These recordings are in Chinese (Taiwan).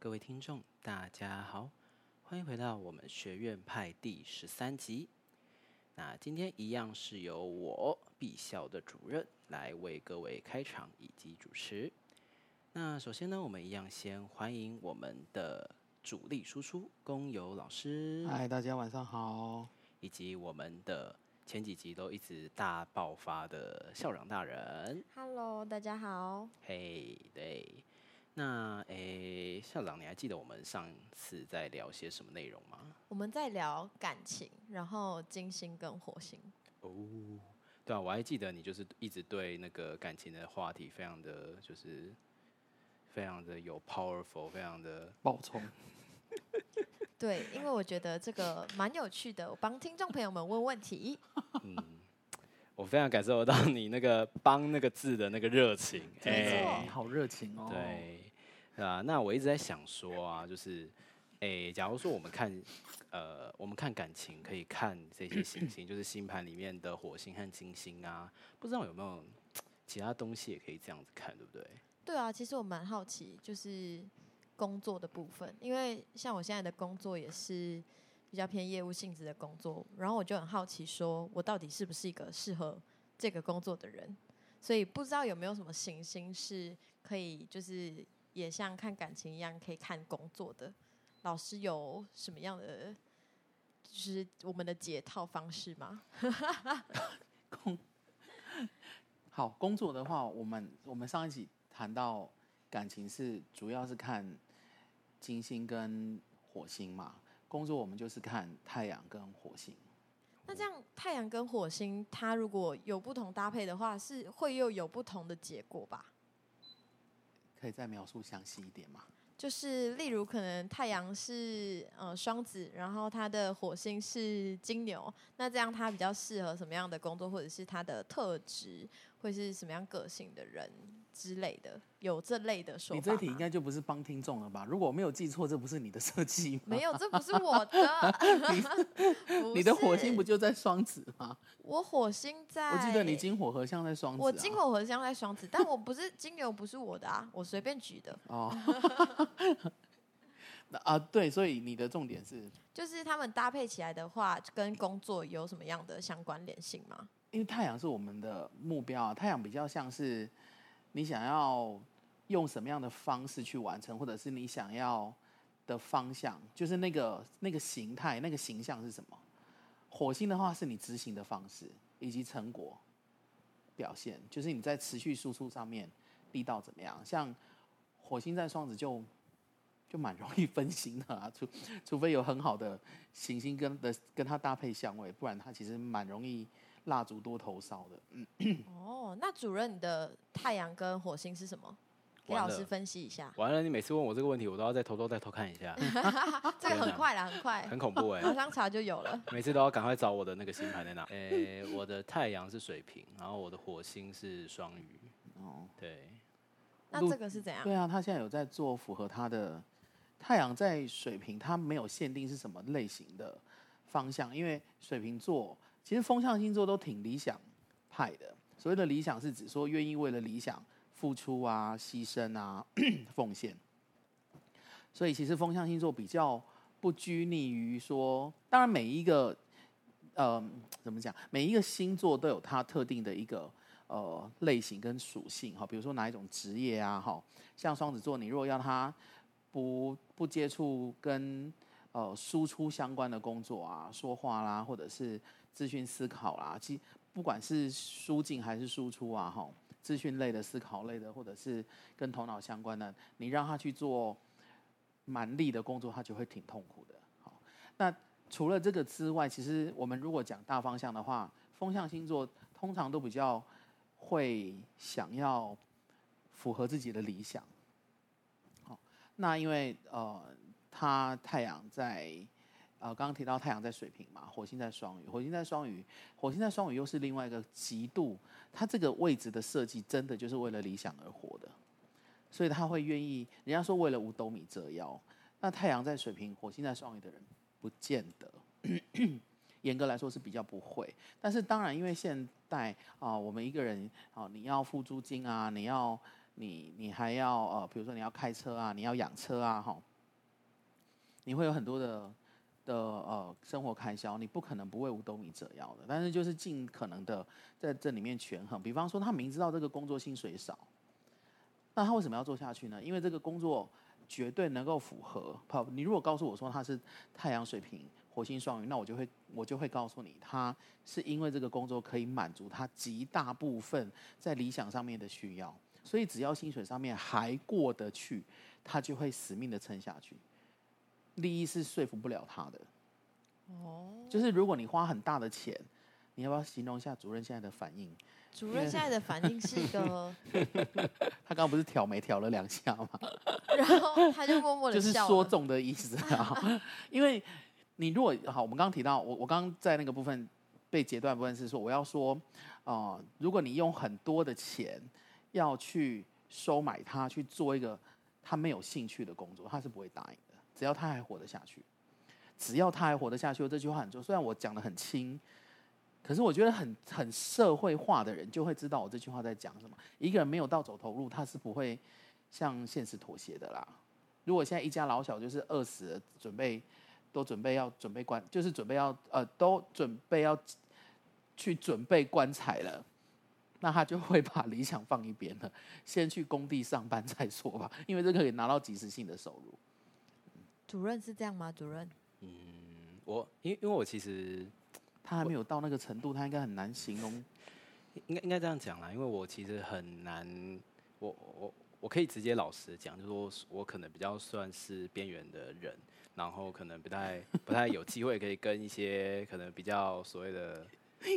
各位聽眾，大家好，歡迎回到我們學院派第十三集。那今天一樣是由我敝校的主任來為各位開場以及主持。那首先呢，我們一樣先歡迎我們的主力輸出工友老師，嗨，大家晚上好。以及我們的前幾集都一直大爆發的校長大人，Hello，大家好。嘿、hey，對。那誒、欸，校長，你還記得我們上次在聊些什麼內容嗎？我們在聊感情，然後金星跟火星。哦，對啊，我還記得你就是一直對那個感情的話題，非常的，就是非常的有 powerful，非常的爆衝。 對，因為我覺得這個蠻有趣的，我幫聽眾朋友們問問題。 嗯，我非常感受得到你那個幫那個字的那個熱情，哎、欸，好熱情哦。對。對啊，那我一直在想說啊，就是，誒，假如說我們看，呃，我們看感情可以看這些行星，就是星盤裡面的火星和金星啊，不知道有沒有其他東西也可以這樣子看，對不對？對啊，其實我蠻好奇，就是工作的部分，因為像我現在的工作也是比較偏業務性質的工作，然後我就很好奇，說我到底是不是一個適合這個工作的人，所以不知道有沒有什麼行星是可以就是。也像看感情一樣，可以看工作的。老師有什麼樣的就是我們的解套方式嗎？工 好，工作的話，我們我們上一集談到感情是主要是看金星跟火星嘛，工作我們就是看太陽跟火星。那這樣太陽跟火星，它如果有不同搭配的話，是會又有不同的結果吧？可以再描述詳細一點嗎？就是例如，可能太陽是呃雙子，然後它的火星是金牛，那這樣他比較適合什麼樣的工作，或者是他的特質，或者是什麼樣個性的人？之類的，有這類的說法。你這一題應該就不是幫聽眾了吧？如果沒有記錯，這不是你的設計嗎？沒有，這不是我的。 你， 你的火星不就在雙子嗎？我火星在，我記得你金火合相在雙子啊。我金火合相在雙子，但我不是金牛，不是我的啊，我隨便舉的哦。那 啊，對，所以你的重點是，就是他們搭配起來的話，跟工作有什麼樣的相關聯性嗎？因為太陽是我們的目標啊，太陽比較像是。你想要用什麼樣的方式去完成，或者是你想要的方向，就是那個那個形態、那個形象是什麼？火星的話，是你執行的方式以及成果表現，就是你在持續輸出上面力道怎麼樣？像火星在雙子就就蠻容易分心的啊，除除非有很好的行星跟的跟它搭配相位，不然它其實蠻容易。蠟燭多頭燒的，哦， oh, 那主任，你的太陽跟火星是什麼？給老師分析一下。完了。完了，你每次問我這個問題，我都要再偷偷再偷看一下。 這個很快了，很快。 很恐怖哎、欸！馬 上查就有了。 每次都要趕快找我的那個星盤在哪？誒、 欸，我的太陽是水瓶，然後我的火星是雙魚。哦、oh. 對。那這個是怎樣？對啊，他現在有在做符合他的太陽在水瓶，他沒有限定是什麼類型的方向，因為水瓶座。其實風象星座都挺理想派的。所謂的理想，是指說願意為了理想付出啊、犧牲啊、咳咳奉獻。所以，其實風象星座比較不拘泥於說，當然每一個呃，怎麼講？每一個星座都有它特定的一個呃類型跟屬性哈、哦。比如說哪一種職業啊？哈、哦，像雙子座，你如果要他不不接觸跟呃輸出相關的工作啊、說話啦，或者是。資訊思考啦，啊，其實不管是輸進還是輸出啊，吼資訊類的、思考類的，或者是跟頭腦相關的，你讓他去做蠻力的工作，他就會挺痛苦的。好，那除了這個之外，其實我們如果講大方向的話，風象星座通常都比較會想要符合自己的理想。好，那因為呃，他太陽在。啊，剛剛提到太陽在水瓶嘛，火星在雙魚，火星在雙魚，火星在雙魚又是另外一個極度，它這個位置的設計真的就是為了理想而活的，所以他會願意。人家說為了五斗米折腰，那太陽在水瓶，火星在雙魚的人不見得，嚴 格來說是比較不會。但是當然，因為現在啊，我們一個人啊，你要付租金啊，你要你你還要呃、啊，比如說你要開車啊，你要養車啊，哈、哦，你會有很多的。的呃，生活開銷，你不可能不為五斗米折腰的，但是就是盡可能的在這裡面權衡。比方說，他明知道這個工作薪水少，那他為什麼要做下去呢？因為這個工作絕對能夠符合。好，你如果告訴我說他是太陽水瓶、火星雙魚，那我就會我就會告訴你，他是因為這個工作可以滿足他極大部分在理想上面的需要，所以只要薪水上面還過得去，他就會死命的撐下去。利益是說服不了他的，哦、oh.，就是如果你花很大的錢，你要不要形容一下主任現在的反應？主任現在的反應是一個， 他剛剛不是挑眉挑了兩下嗎？ 然後他就默默的笑，就是說中的意思啊。 因為你如果好，我們剛剛提到，我我剛剛在那個部分被截斷部分是說，我要說啊、呃，如果你用很多的錢要去收買他去做一個他沒有興趣的工作，他是不會答應。只要他還活得下去，只要他還活得下去，我這句話很重。雖然我講得很輕，可是我覺得很很社會化的人就會知道我這句話在講什麼。一個人沒有到走投無路，他是不會向現實妥協的啦。如果現在一家老小就是餓死了，準備都準備要準備棺，就是準備要呃都準備要去準備棺材了，那他就會把理想放一邊了，先去工地上班再說吧，因為這可以拿到及時性的收入。主任是這樣嗎？主任，嗯，我因為因為我其實他還沒有到那個程度，他應該很難形容。應該應該這樣講啦，因為我其實很難，我我我可以直接老實講，就是說我可能比較算是邊緣的人，然後可能不太不太有機會可以跟一些 可能比較所謂的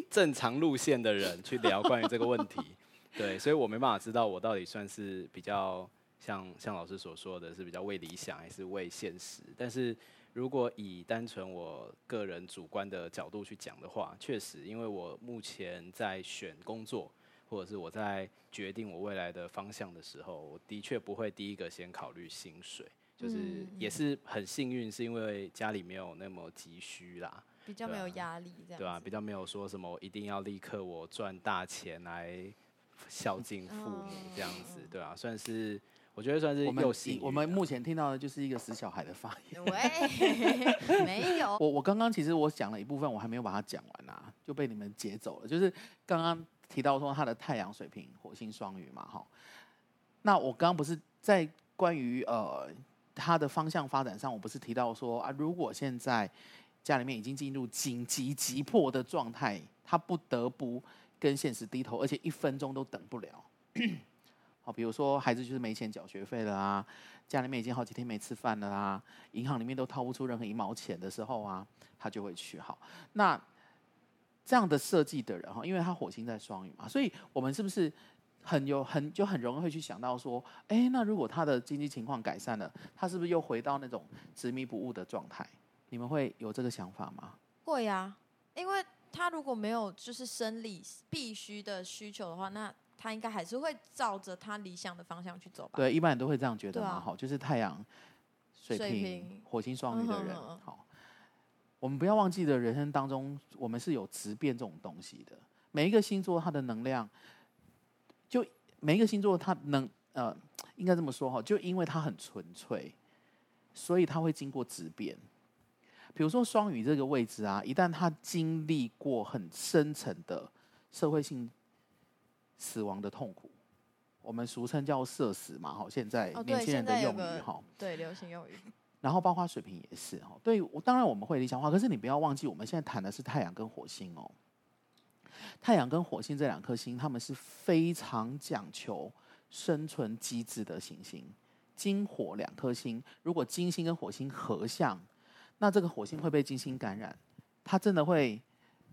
正常路線的人去聊關於這個問題。 對，所以我沒辦法知道我到底算是比較。像像老師所說的是比較為理想還是為現實？但是如果以單純我個人主觀的角度去講的話，確實，因為我目前在選工作或者是我在決定我未來的方向的時候，我的確不會第一個先考慮薪水。就是也是很幸運，是因為家裡沒有那麼急需啦，比較沒有壓力，對啊，啊、比較沒有說什麼一定要立刻我賺大錢來孝敬父母這樣子，對啊，算是。我覺得算是有戲。我們目前聽到的就是一個死小孩的發言。喂，沒有我。我我剛剛其實我講了一部分，我還沒有把它講完啊，就被你們截走了。就是剛剛提到說他的太陽水瓶、火星雙魚嘛，哈。那我剛剛不是在關於呃他的方向發展上，我不是提到說啊，如果現在家裡面已經進入緊急急迫的狀態，他不得不跟現實低頭，而且一分鐘都等不了。 好，比如說孩子就是沒錢繳學費了啊，家裡面已經好幾天沒吃飯了啊，銀行裡面都掏不出任何一毛錢的時候啊，他就會去。好，那這樣的設計的人哈，因為他火星在雙魚嘛，所以我們是不是很有很就很容易會去想到說，哎，那如果他的經濟情況改善了，他是不是又回到那種執迷不悟的狀態？你們會有這個想法嗎？會啊，因為他如果沒有就是生理必須的需求的話，那。他應該還是會照着他理想的方向去走吧。對，一般人都會這樣覺得嘛、啊。好，就是太陽、水瓶、火星、雙魚的人、嗯呵呵。好，我們不要忘記，的人生當中，我們是有質變這種東西的。每一個星座，它的能量，就每一個星座，它能呃，應該這麼說哈，就因為它很純粹，所以它會經過質變。比如說雙魚這個位置啊，一旦他經歷過很深層的社會性。死亡的痛苦，我們俗稱叫“社死”嘛，哈，現在年輕人的用語，哈、哦，對，對流行用語。然後包括水瓶也是，哈，對，我當然我們會理想化，可是你不要忘記，我們現在談的是太陽跟火星哦。太陽跟火星這兩顆星，他們是非常講求生存機制的行星。金火兩顆星，如果金星跟火星合相，那這個火星會被金星感染，它真的會。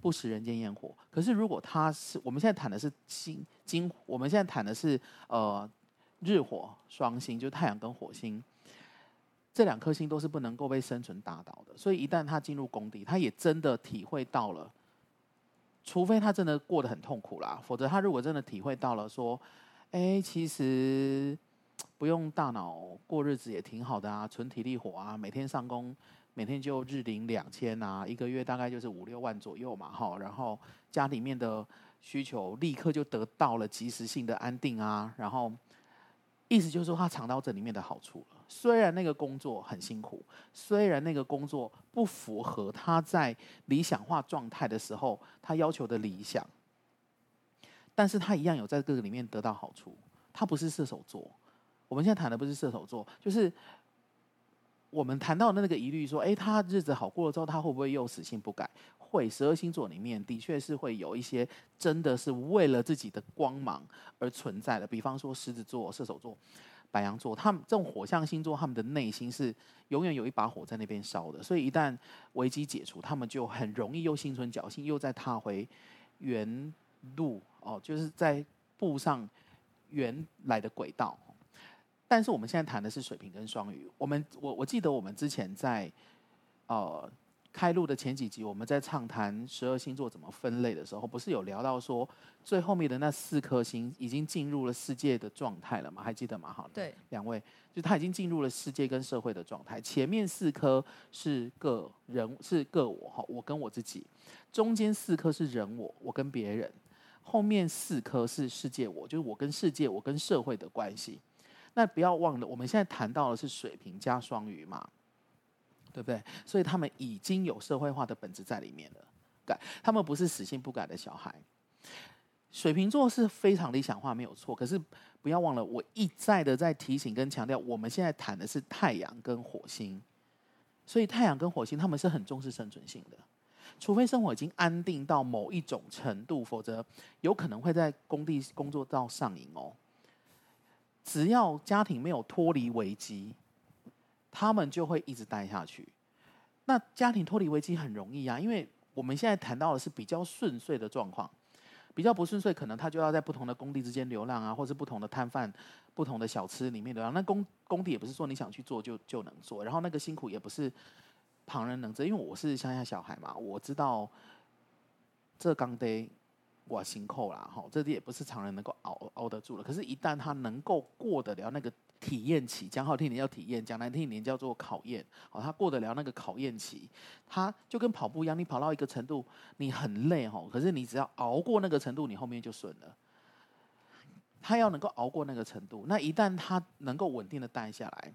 不食人間煙火。可是，如果他是我們現在談的是金金，我們現在談的是呃日火雙星，就太陽跟火星這兩顆星都是不能夠被生存打倒的。所以，一旦他進入工地，他也真的體會到了，除非他真的過得很痛苦啦，否則他如果真的體會到了，說，哎、欸，其實不用大腦過日子也挺好的啊，純體力活啊，每天上工。每天就日領兩千啊，一個月大概就是五六萬左右嘛，哈。然後家裡面的需求立刻就得到了及時性的安定啊。然後意思就是說，他嘗到這裡面的好處了。雖然那個工作很辛苦，雖然那個工作不符合他在理想化狀態的時候他要求的理想，但是他一樣有在這個裡面得到好處。他不是射手座，我們現在談的不是射手座，就是。我們談到的那個疑慮，說，哎，他日子好過了之後，他會不會又死性不改？會，十二星座裡面的確是會有一些，真的是為了自己的光芒而存在的。比方說，獅子座、射手座、白羊座，他們這種火象星座，他們的內心是永遠有一把火在那邊燒的。所以，一旦危機解除，他們就很容易又心存僥倖，又再踏回原路哦，就是在步上原來的軌道。但是我們現在談的是水瓶跟雙魚。我們我我記得我們之前在，呃，開錄的前幾集，我們在暢談十二星座怎麼分類的時候，不是有聊到說最後面的那四顆星已經進入了世界的狀態了嗎？還記得嗎？哈。對。兩位，就他已經進入了世界跟社會的狀態。前面四顆是個人，是個我，哈，我跟我自己；中間四顆是人我，我跟別人；後面四顆是世界我，就是我跟世界，我跟社會的關係。那不要忘了，我們現在談到的是水瓶加雙魚嘛，對不對？所以他們已經有社會化的本質在裡面了。對，他們不是死性不改的小孩。水瓶座是非常理想化，沒有錯。可是不要忘了，我一再的在提醒跟強調，我們現在談的是太陽跟火星。所以太陽跟火星，他們是很重視生存性的。除非生活已經安定到某一種程度，否則有可能會在工地工作到上癮哦。只要家庭沒有脫離危機，他們就會一直待下去。那家庭脫離危機很容易啊，因為我們現在談到的是比較順遂的狀況，比較不順遂，可能他就要在不同的工地之間流浪啊，或是不同的攤販、不同的小吃裡面流浪。那工工地也不是說你想去做就就能做，然後那個辛苦也不是旁人能知，因為我是鄉下小孩嘛，我知道這工地。掛心扣啦，吼、哦，這也不是常人能夠熬熬得住的。可是，一旦他能夠過得了那個體驗期，講好聽，點叫體驗；講難聽，點叫做考驗、哦。他過得了那個考驗期，他就跟跑步一樣，你跑到一個程度，你很累，哦、可是，你只要熬過那個程度，你後面就順了。他要能夠熬過那個程度，那一旦他能夠穩定的待下來，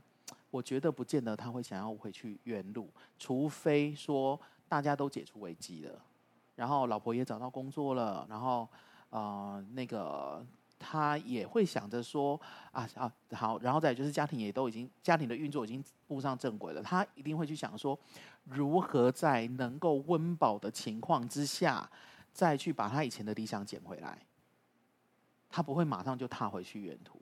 我覺得不見得他會想要回去原路，除非說大家都解除危機了。然後老婆也找到工作了，然後，呃，那個他也會想着說啊啊好，然後再就是家庭也都已經家庭的運作已經步上正軌了，他一定會去想說如何在能夠溫飽的情況之下，再去把他以前的理想撿回來。他不會馬上就踏回去原途。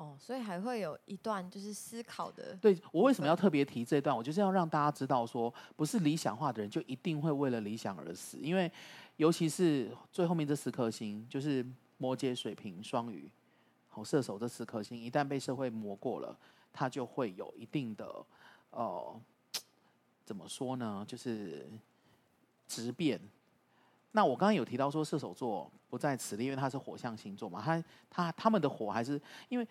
哦，所以還會有一段就是思考的。對我為什麼要特別提這一段，我就是要讓大家知道說，不是理想化的人就一定會為了理想而死，因為尤其是最後面這四顆星，就是摩羯水瓶、水瓶、雙魚、射手這四顆星，一旦被社會磨過了，它就會有一定的哦、呃，怎麼說呢？就是質變。那我剛剛有提到說射手座不在此列，因為它是火象星座嘛，它它他，他們的火還是因為。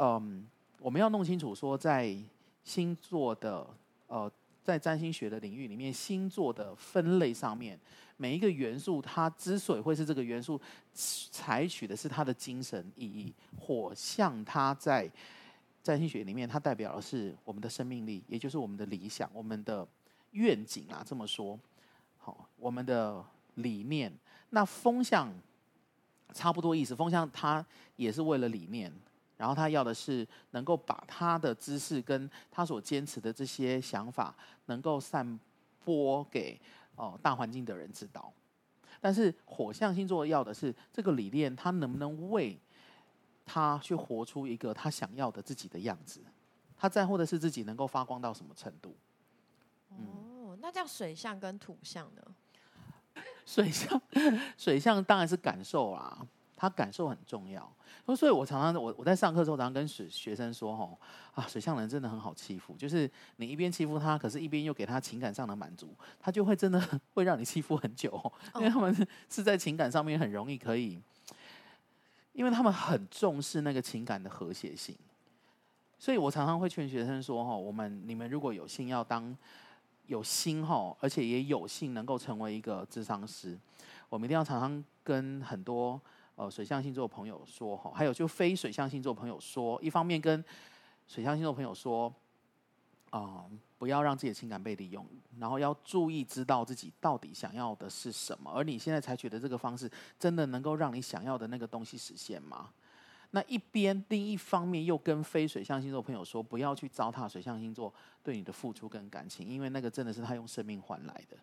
嗯、um,，我們要弄清楚說，在星座的呃，在占星學的領域裡面，星座的分類上面，每一個元素它之所以會是這個元素，採取的是它的精神意義。火象它在占星學裡面，它代表的是我們的生命力，也就是我們的理想、我們的願景啊。這麼說，好，我們的理念。那風象差不多意思，風象它也是為了理念。然後他要的是能夠把他的知識跟他所堅持的這些想法，能夠散播給哦大環境的人知道。但是火象星座要的是這個理念，他能不能為他去活出一個他想要的自己的樣子？他在乎的是自己能夠發光到什麼程度，嗯？哦，那叫水象跟土象的。水象，水象當然是感受啦，啊。他感受很重要，所以，我常常我我在上課的時候，常常跟學學生說：“哦，啊，水象人真的很好欺負，就是你一邊欺負他，可是一邊又給他情感上的滿足，他就會真的會讓你欺負很久，因為他們是在情感上面很容易可以，因為他們很重視那個情感的和諧性，所以我常常會勸學生說：吼，我們你們如果有幸要當有心吼，而且也有幸能夠成為一個諮商師，我們一定要常常跟很多。”呃，水象星座朋友說吼，還有就非水象星座朋友說，一方面跟水象星座朋友說，啊、嗯，不要讓自己的情感被利用，然後要注意知道自己到底想要的是什麼，而你現在採取的這個方式，真的能夠讓你想要的那個東西實現嗎？那一邊，另一方面又跟非水象星座朋友說，不要去糟蹋水象星座對你的付出跟感情，因為那個真的是他用生命換來的，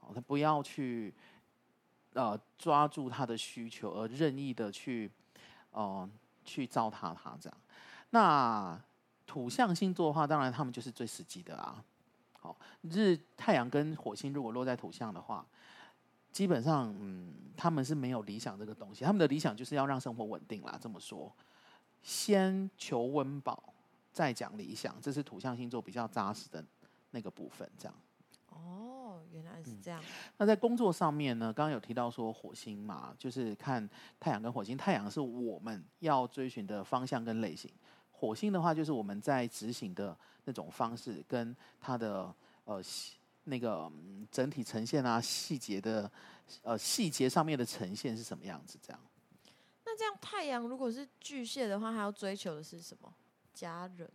哦，他不要去。呃，抓住他的需求而任意的去，哦、呃，去糟蹋他這樣。那土象星座的話，當然他們就是最實際的啊。好、哦，日太陽跟火星如果落在土象的話，基本上，嗯，他們是沒有理想這個東西。他們的理想就是要讓生活穩定啦。這麼說，先求溫飽，再講理想，這是土象星座比較扎實的那個部分。這樣。哦。原來是這樣、嗯。那在工作上面呢？剛剛有提到說火星嘛，就是看太陽跟火星。太陽是我們要追尋的方向跟類型，火星的話就是我們在執行的那種方式跟它的呃那個整體呈現啊、細節的呃細節上面的呈現是什麼樣子？這樣。那這樣太陽如果是巨蟹的話，他要追求的是什麼？家人。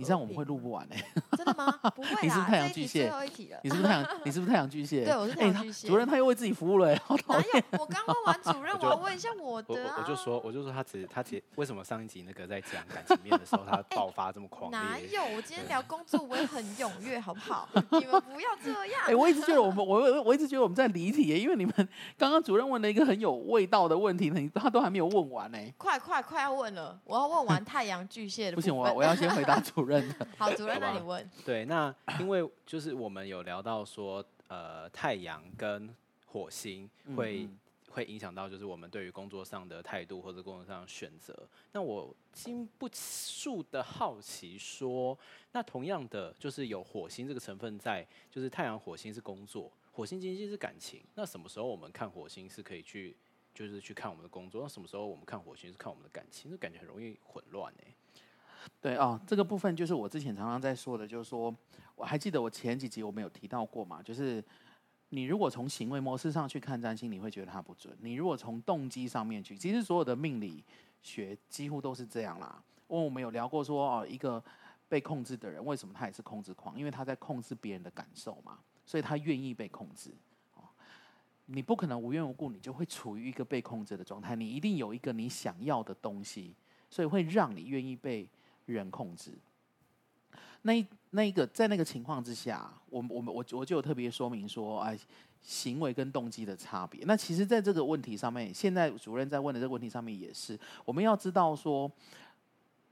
你這樣我們會錄不完哎、欸！真的嗎？不會你是不是太陽巨蟹？最後一題了。你是不是太陽？你是不是太陽 巨蟹？對，我是太陽巨蟹、欸。主任他又為自己服務了哎、欸，好討厭哪有？我剛問完主任，我要問一下我的、啊。我就我,我就說，我就說他只他只為什麼上一集那個在講感情面的時候他爆發這麼狂烈？哪有？我今天聊工作，我也很踴躍，好不好？ 你們不要這樣。哎、欸，我一直覺得我們我我一直覺得我們在離題耶、欸，因為你們剛剛主任問了一個很有味道的問題，他他都還沒有問完呢、欸。快快快要問了，我要問完太陽巨蟹的。不行，我我要先回答主任。 好，主任，那你問 對，那，因為就是我們有聊到說，呃，太陽跟火星會嗯嗯會影響到，就是我們對於工作上的態度或者工作上的選擇。那我禁不住的好奇，說，那同樣的，就是有火星這個成分在，就是太陽火星是工作，火星金星是感情。那什麼時候我們看火星是可以去，就是去看我們的工作？那什麼時候我們看火星是看我們的感情？那感覺很容易混亂呢、欸。對哦，這個部分就是我之前常常在說的，就是說我還記得我前幾集我們有提到過嘛，就是你如果從行為模式上去看占星，你會覺得它不準；你如果從動機上面去，其實所有的命理學幾乎都是這樣啦。我們有聊過說哦，一個被控制的人為什麼他也是控制狂？因為他在控制別人的感受嘛，所以他願意被控制。哦，你不可能無緣無故你就會處於一個被控制的狀態，你一定有一個你想要的東西，所以會讓你願意被。人控制，那那一個在那個情況之下，我我我我就有特別說明說，哎、啊，行為跟動機的差別。那其實在這個問題上面，現在主任在問的這個問題上面也是，我們要知道說，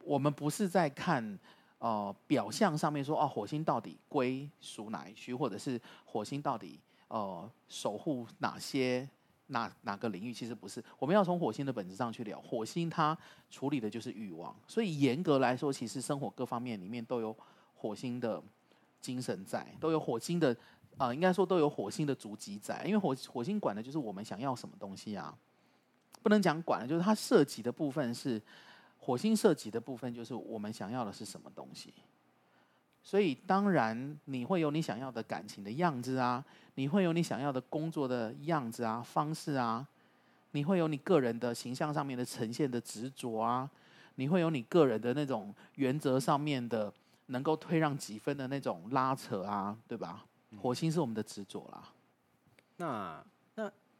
我們不是在看呃表象上面說，哦、啊，火星到底歸屬哪一區，或者是火星到底呃守護哪些？哪哪個領域，其實不是，我們要從火星的本質上去聊。火星它處理的就是欲望，所以嚴格來說，其實生活各方面裡面都有火星的精神在，都有火星的啊、呃，應該說都有火星的足跡在。因為火火星管的就是我們想要什麼東西啊，不能講管的，就是它涉及的部分是火星涉及的部分，就是我們想要的是什麼東西。所以當然，你會有你想要的感情的樣子啊，你會有你想要的工作的樣子啊、方式啊，你會有你個人的形象上面的呈現的執着啊，你會有你個人的那種原則上面的能夠退讓幾分的那種拉扯啊，對吧？火星是我們的執着啦。那。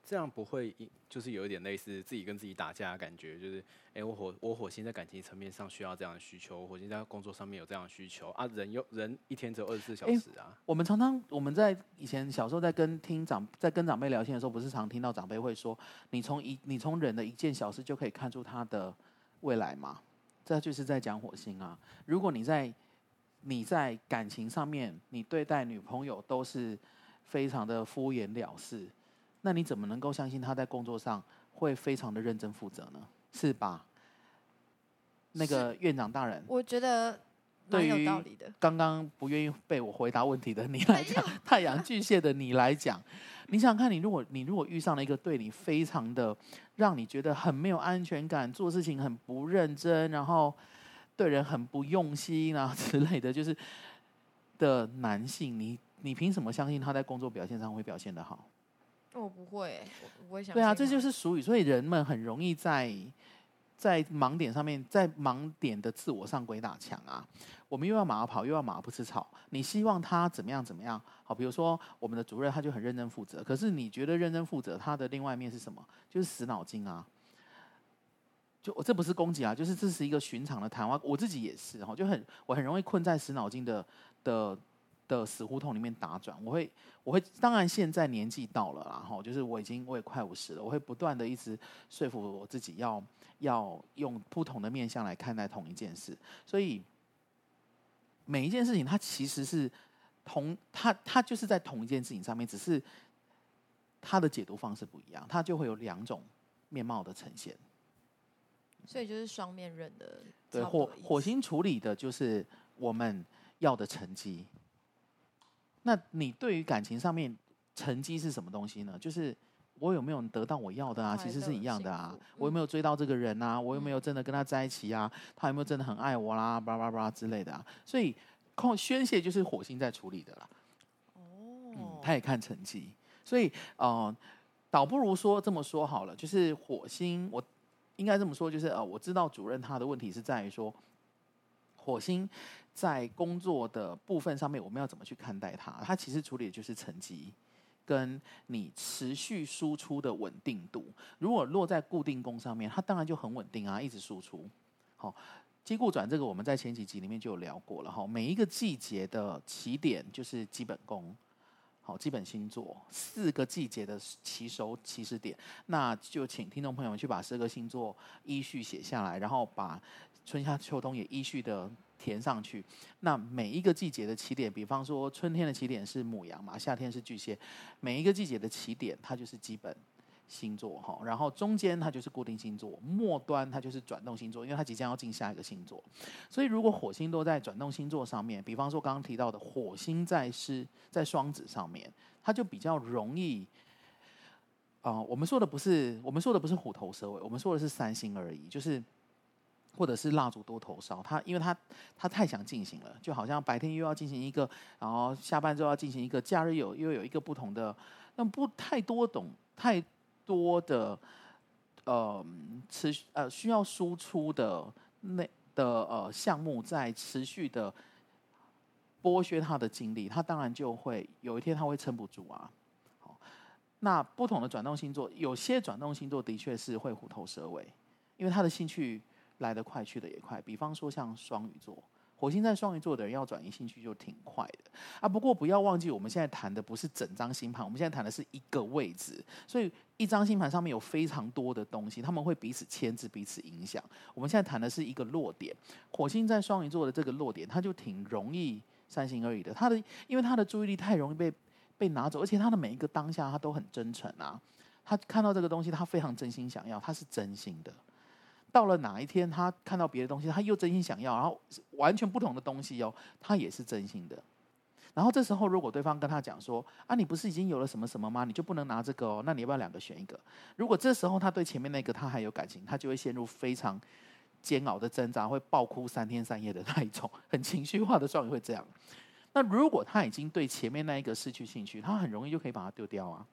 這樣不會，就是有一點類似自己跟自己打架的感覺。就是，哎，我火，我火星在感情層面上需要這樣的需求，我火星在工作上面有這樣的需求啊。人又人一天只有二十四小時啊。我們常常我們在以前小時候在跟聽長在跟長輩聊天的時候，不是常聽到長輩會說：“你從一，你從人的一件小事就可以看出他的未來嘛。”這就是在講火星啊。如果你在你在感情上面，你對待女朋友都是非常的敷衍了事，那你怎麼能夠相信他在工作上會非常的認真負責呢？是吧？那個院長大人，我覺得，對，有道理的。剛剛不願意被我回答問題的你來講，太陽巨蟹的你來講，你想想看，你如果你如果遇上了一個對你非常的讓你覺得很沒有安全感、做事情很不認真、然後對人很不用心啊之類的，就是的男性，你你憑什麼相信他在工作表現上會表現得好？我不會，我不會想。對啊，這就是俗語，所以人們很容易在在盲點上面，在盲點的自我上鬼打牆啊。我們又要馬跑，又要馬不吃草。你希望他怎麼樣？怎麼樣？好，比如說我們的主任他就很認真負責，可是你覺得認真負責，他的另外一面是什麼？就是死腦筋啊。就我這不是攻擊啊，就是這是一個尋常的談話。我自己也是哈，就很我很容易困在死腦筋的的。的死胡同裡面打轉，我會，我會，當然現在年紀到了，然後就是我已經，我也快五十了，我會不斷的一直說服我自己要，要要用不同的面向來看待同一件事，所以每一件事情它其實是同，它它就是在同一件事情上面，只是它的解讀方式不一樣，它就會有兩種面貌的呈現。所以就是雙面刃的，的對火火星處理的就是我們要的成績。那你對於感情上面成績是什麼東西呢？就是我有沒有得到我要的啊？其實是一樣的啊。我有沒有追到這個人啊？我有沒有真的跟他在一起啊？他有沒有真的很愛我啦，啊？叭叭叭之類的，啊。所以，控宣泄就是火星在處理的啦。哦，嗯，他也看成績，所以呃，倒不如說這麼說好了，就是火星，我應該這麼說，就是呃，我知道主任他的問題是在於說火星。在工作的部分上面，我們要怎麼去看待它？它其實處理的就是成績，跟你持續輸出的穩定度。如果落在固定宮上面，它當然就很穩定啊，一直輸出。好，基固轉這個，我們在前幾集裡面就有聊過了哈。每一個季節的起點就是基本宮，好，基本星座四個季節的起手起始點，那就請聽眾朋友們去把四個星座依序寫下來，然後把春夏秋冬也依序的填上去，那每一個季節的起點，比方說春天的起點是牡羊嘛，夏天是巨蟹，每一個季節的起點它就是基本星座哈，然後中間它就是固定星座，末端它就是轉動星座，因為它即將要進下一個星座，所以如果火星都在轉動星座上面，比方說剛剛提到的火星在獅在雙子上面，它就比較容易啊、呃，我們說的不是我們說的不是虎頭蛇尾，我們說的是三星而已，就是。或者是蠟燭多頭燒，他因為他他太想進行了，就好像白天又要進行一個，然後下班之後要進行一個假日有又，又有一個不同的，那不太多懂太多的嗯、呃、持續呃需要輸出的那的呃項目在持續的剝削他的精力，他當然就會有一天他會撐不住啊。好，那不同的轉動星座，有些轉動星座的確是會虎頭蛇尾，因為他的興趣，來得快，去得也快。比方說，像雙魚座，火星在雙魚座的人要轉移興趣就挺快的啊。不過，不要忘記，我們現在談的不是整張星盤，我們現在談的是一個位置。所以，一張星盤上面有非常多的東西，他們會彼此牽制、彼此影響。我們現在談的是一個落點。火星在雙魚座的這個落點，他就挺容易三心二意的。他的因為他的注意力太容易被被拿走，而且他的每一個當下他都很真誠啊。他看到這個東西，他非常真心想要，他是真心的。到了哪一天，他看到別的東西，他又真心想要，然後完全不同的東西哦，他也是真心的。然後這時候，如果對方跟他講說：“啊，你不是已經有了什麼什麼嗎？你就不能拿這個哦？”那你要不要兩個選一個？如果這時候他對前面那個他還有感情，他就會陷入非常煎熬的掙扎，會爆哭三天三夜的那一種，很情緒化的狀態會這樣。那如果他已經對前面那一個失去興趣，他很容易就可以把它丟掉啊。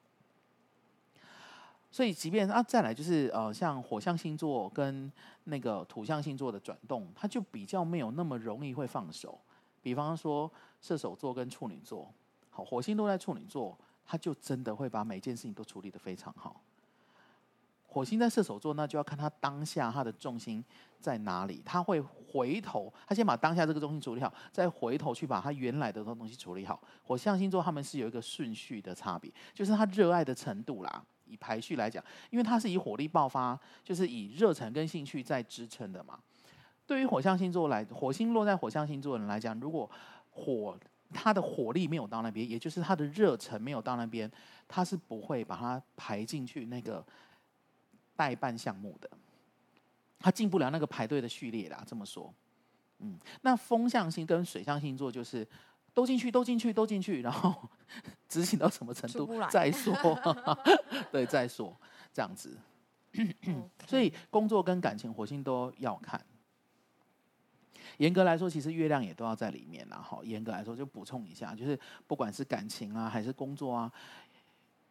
所以，即便啊再來就是呃，像火象星座跟那個土象星座的轉動，它就比較沒有那麼容易會放手。比方說，射手座跟處女座，好，火星都在處女座，它就真的會把每件事情都處理得非常好。火星在射手座，那就要看它當下它的重心在哪裡。他會回頭，他先把當下這個重心處理好，再回頭去把他原來的東西處理好。火象星座他們是有一個順序的差別，就是他熱愛的程度啦。以排序來講，因為它是以火力爆發，就是以熱忱跟興趣在支撐的嘛。對於火象星座來，火星落在火象星座的人來講，如果火它的火力沒有到那邊，也就是它的熱忱沒有到那邊，它是不會把它排進去那個待辦項目的，它進不了那個排隊的序列的。這麼說，嗯，那風象星跟水象星座就是。都進去，都進去，都進去，然後執行到什麼程度再說？ 對，再說這樣子。Okay. 所以工作跟感情，火星都要看。嚴格來說，其實月亮也都要在裡面。然後嚴格來說，就補充一下，就是不管是感情啊，還是工作啊，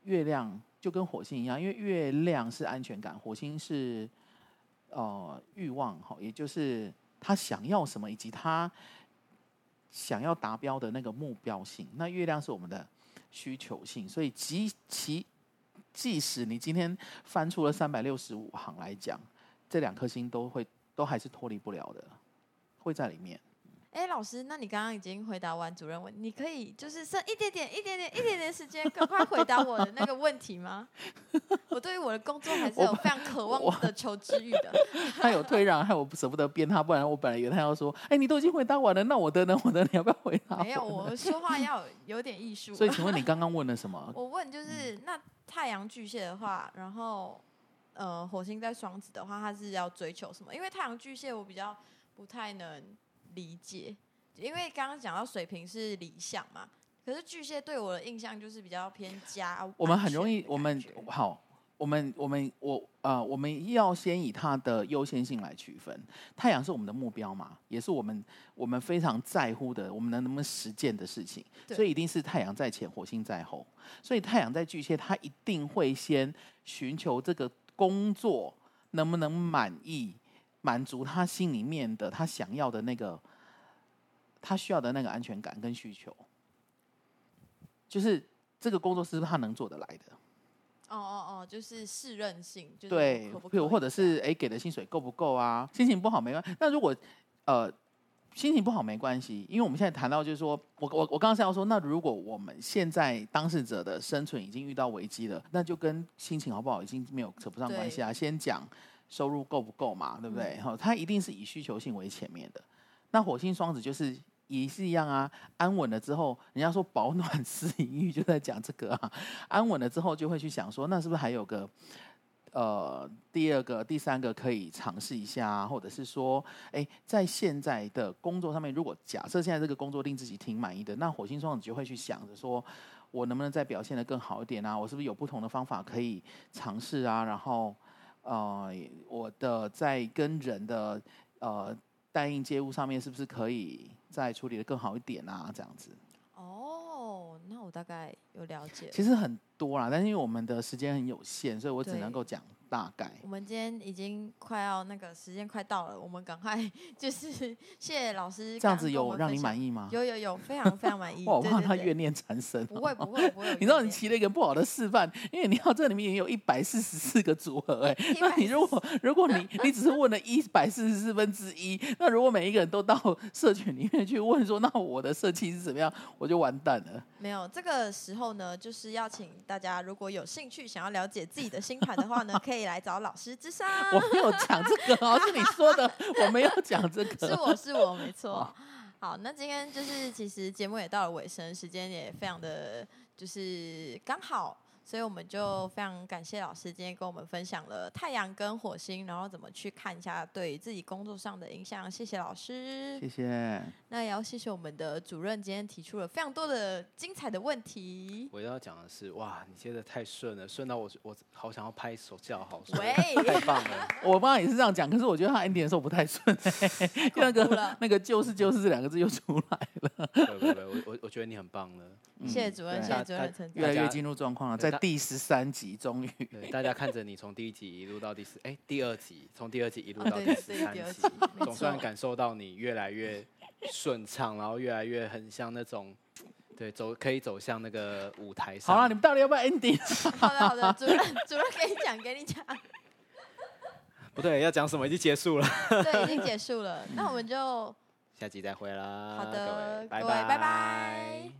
月亮就跟火星一樣，因為月亮是安全感，火星是哦、呃、慾望，哈，也就是他想要什麼，以及他。想要達標的那個目標性，那月亮是我們的需求性，所以即其即，即使你今天翻出了三百六十五行來講，這兩顆星都會都還是脫離不了的，會在裡面。哎、欸，老師，那你剛剛已經回答完主任問，你可以就是剩一點點、一點點、一點點時間，趕快回答我的那個問題嗎？ 我對於我的工作還是有非常渴望的求知欲的。 他有退讓，害我捨不，不得編他，不然我本來以為他要說，哎、欸，你都已經回答完了，那我的呢？我的，我的你要不要回答？沒有，我說話要有點藝術。 所以，請問你剛剛問了什麼？我問就是，那太陽巨蟹的話，然後呃，火星在雙子的話，他是要追求什麼？因為太陽巨蟹我比較不太能。理解，因為剛剛講到水瓶是理想嘛，可是巨蟹對我的印象就是比較偏家。我們很容易，我們好，我們我們我啊、呃，我們要先以它的優先性來區分。太陽是我們的目標嘛，也是我們我們非常在乎的，我們能能不能實踐的事情，所以一定是太陽在前，火星在後。所以太陽在巨蟹，他一定會先尋求這個工作能不能滿意。滿足他心裡面的他想要的那個，他需要的那個安全感跟需求，就是這個工作是不是他能做得來的？哦哦哦，就是適任性，就是，可可對，或者是哎給的薪水夠不夠啊？心情不好沒關係。那如果呃心情不好沒關係，因為我們現在談到就是說，我我我剛剛想要說，那如果我們現在當事者的生存已經遇到危機了，那就跟心情好不好已經沒有扯不上關係啊。先講。收入夠不夠嘛？對不對？哈、哦，他一定是以需求性為前面的。那火星雙子就是也是一樣啊，安穩了之後，人家說“飽暖思淫欲”就在講這個啊。安穩了之後，就會去想說，那是不是還有個呃第二個、第三個可以嘗試一下、啊，或者是說，哎，在現在的工作上面，如果假設現在這個工作令自己挺滿意的，那火星雙子就會去想着說，我能不能再表現得更好一點啊？我是不是有不同的方法可以嘗試啊？然後。呃，我的在跟人的呃待應接物上面，是不是可以再處理的更好一點啊？這樣子。哦。我大概有了解了，其實很多啦，但是因為我們的時間很有限，所以我只能夠講大概。我們今天已經快要那個時間快到了，我們趕快就是謝謝老師。這樣子有讓你滿意嗎？有有有，非常非常滿意 哇。我怕他怨念纏身、喔。不會不會不會，你知道你起了一個不好的示範，因為你要這裡面也有一百四十四個組合哎、欸， 那你如果如果你你只是問了一百四十四分之一， 那如果每一個人都到社群裡面去問說，那我的設計是怎麼樣，我就完蛋了。沒有。這個時候呢，就是要請大家如果有興趣想要了解自己的星盤的話呢，可以來找老師諮商。我沒有講這個， 是你說的， 我沒有講這個，是我是我沒錯。好，那今天就是其實節目也到了尾聲，時間也非常的就是剛好。所以我們就非常感謝老師今天跟我們分享了太陽跟火星，然後怎麼去看一下對自己工作上的影響。謝謝老師，謝謝。那也要謝謝我們的主任今天提出了非常多的精彩的問題。我要講的是，哇，你接得太順了，順到我我好想要拍手叫好手喂，太棒了！ 我剛也是這樣講，可是我覺得他 ending 的時候不太順，欸，咕咕了 那個咕咕了那個就是就是這兩個字又出來了。對對,對我我我覺得你很棒了。謝謝主任，謝謝主任，謝謝主任越來越進入狀況了。在第十三集終於，對大家看着你從第一集一路到第四，哎，第二集從第二集一路到第十三集，、oh, 對,第二集，總算感受到你越來越順暢，然後越來越很像那種，對，走可以走向那個舞台上。好了，你們到底要不要 ending？好的好的，好的，主任主任給你講給你講。不對，要講什麼已經結束了， 對，已經結束了，那我們就下集再會啦。好的，各位，拜，拜拜。